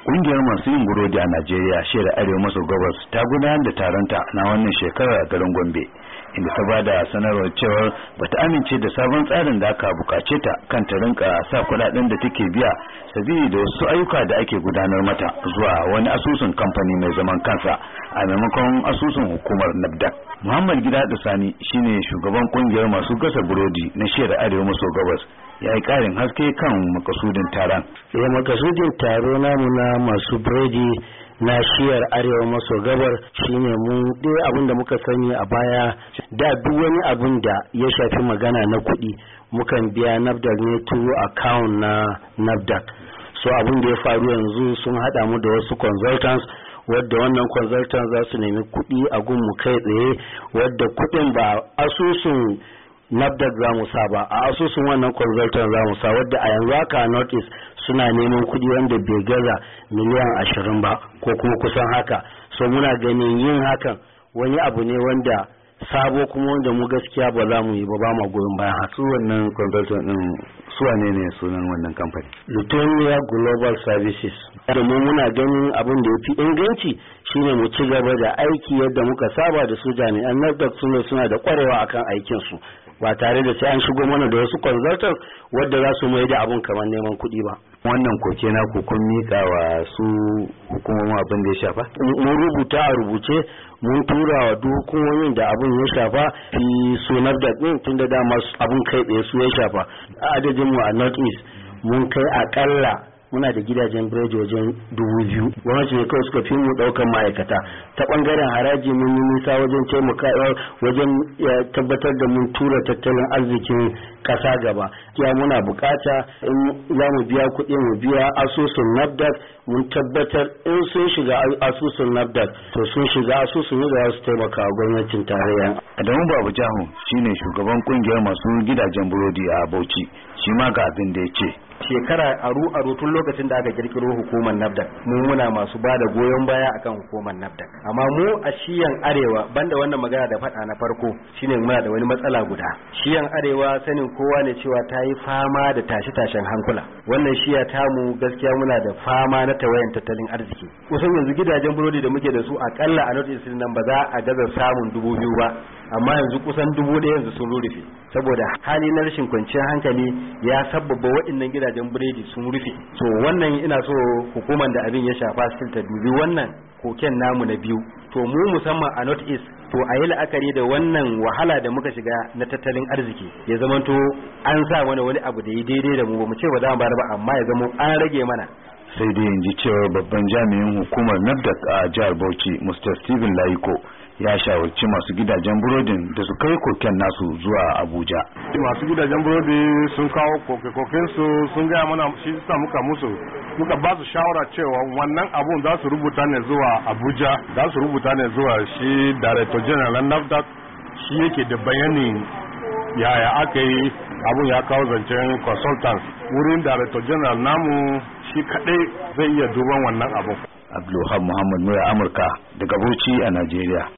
Ƙungiyar masu yin burodi a Najeriya shida Arewa maso gabas ta gudanar da taronta na wannan shekarar a garin Gombe inda ta bada sanarwar cewar bata amince da sabon tsarin da aka bukace ta kan ta rinka sa kudaden da take biya sabili da wasu ayyuka da ake gudanar mata zuwa wani asusun kamfani mai zaman kansa a maimakon asusun hukumar nabda Muhammad Gida da Sani shine shugaban ƙungiyar masu gasa burodi na shida Arewa maso gabas ya yi ƙarin haske kan makasudin taron. Ya eh, makasudin taro namu na masu biredi na shiyar arewa maso gabar shine mu ɗaya abin da muka sani a baya da duk wani abin da ya shafi magana na kuɗi mukan biya nafdak ne turu account na nafdak so abin da ya faru yanzu sun haɗa mu da wasu consultants wadda wannan consultants za su nemi kuɗi a gun mu kai tsaye wadda kuɗin ba asusun nafdak za mu sa ba a asusun wannan consultant za mu sa wadda a yanzu aka a suna neman kuɗi wanda bai gaza miliyan ashirin ba ko kuma kusan haka so muna ganin yin hakan wani abu ne wanda sabo kuma wanda mu gaskiya ba za mu yi ba ba ma goyon bayan haka su wannan consultant din su ne ne sunan wannan kamfani Lutonia Global Services da mu muna ganin abin da ya fi inganci shine mu ci gaba da aiki yadda muka saba da su jami'an NAFDAC suna da kwarewa akan aikin su ba tare da sai an shigo mana da wasu consultant wadda za su mai da abun kamar neman kuɗi ba wannan koke na ku kun mika wa su hukumomin abin da ya shafa mun rubuta a rubuce mun tura wa duk hukumomin da abin ya shafa fi sunar da ɗin tun da dama abin kai tsaye su ya shafa adadin mu a north mun kai akalla muna da gidajen biredi wajen dubu biyu gwamnati ce kawai suka fi mu daukan ma'aikata ta bangaren haraji mun yi nisa wajen taimaka wajen eh, tabbatar da mun tura tattalin arzikin kasa gaba ya muna bukata in za mu biya kuɗi mu biya asusun nabdak mun tabbatar in sun shiga asusun nabdak to sun shiga asusun ne za su taimaka gwamnatin tarayya adamu babu jahu shine shugaban kungiyar masu gidajen burodi a bauchi shi ma ga abin da ya ce shekara aru aru tun lokacin da aka kirkiro hukumar nafdak mu muna masu ba da goyon baya akan hukumar nafdak amma mu a shiyan arewa banda wannan magana da faɗa na farko shine muna da wani matsala guda shiyan arewa sanin kowa ne cewa ta yi fama da tashe-tashen hankula wannan shiya tamu gaskiya muna da fama na tawayan tattalin arziki kusan yanzu gidajen burodi da muke da su akalla a north nan ba za a gaza samun dubu biyu ba amma yanzu kusan dubu ɗaya yanzu sun rufe saboda hali na rashin kwanciyar hankali ya sabbaba waɗannan gidajen burodi sun rufe so wannan ina so hukumar da abin ya shafa su ta dubi wannan koken namu na biyu to mu musamman a north east to a yi la'akari da wannan wahala da muka shiga na tattalin arziki ya zamanto an sa mana wani abu da ya daidai da mu ba mu ce ba za mu bayar ba amma ya zama an rage mana sai dai in ji cewar babban jami'in hukumar nafdak a jihar bauchi mr steven laiko ya shawarci masu gidajen burodin da su kai koken nasu zuwa abuja masu gidajen burodi sun kawo koke-koken su sun gaya mana shi sa muka musu muka ba su shawara cewa wannan abun za su rubuta ne zuwa abuja za su rubuta ne zuwa shi director general nafdac shi yake da bayanin yaya aka yi abun ya kawo zancen consultants wurin director general namu shi kaɗai zai iya duban wannan abun abdulhamid muhammad mura amurka daga bauchi a najeriya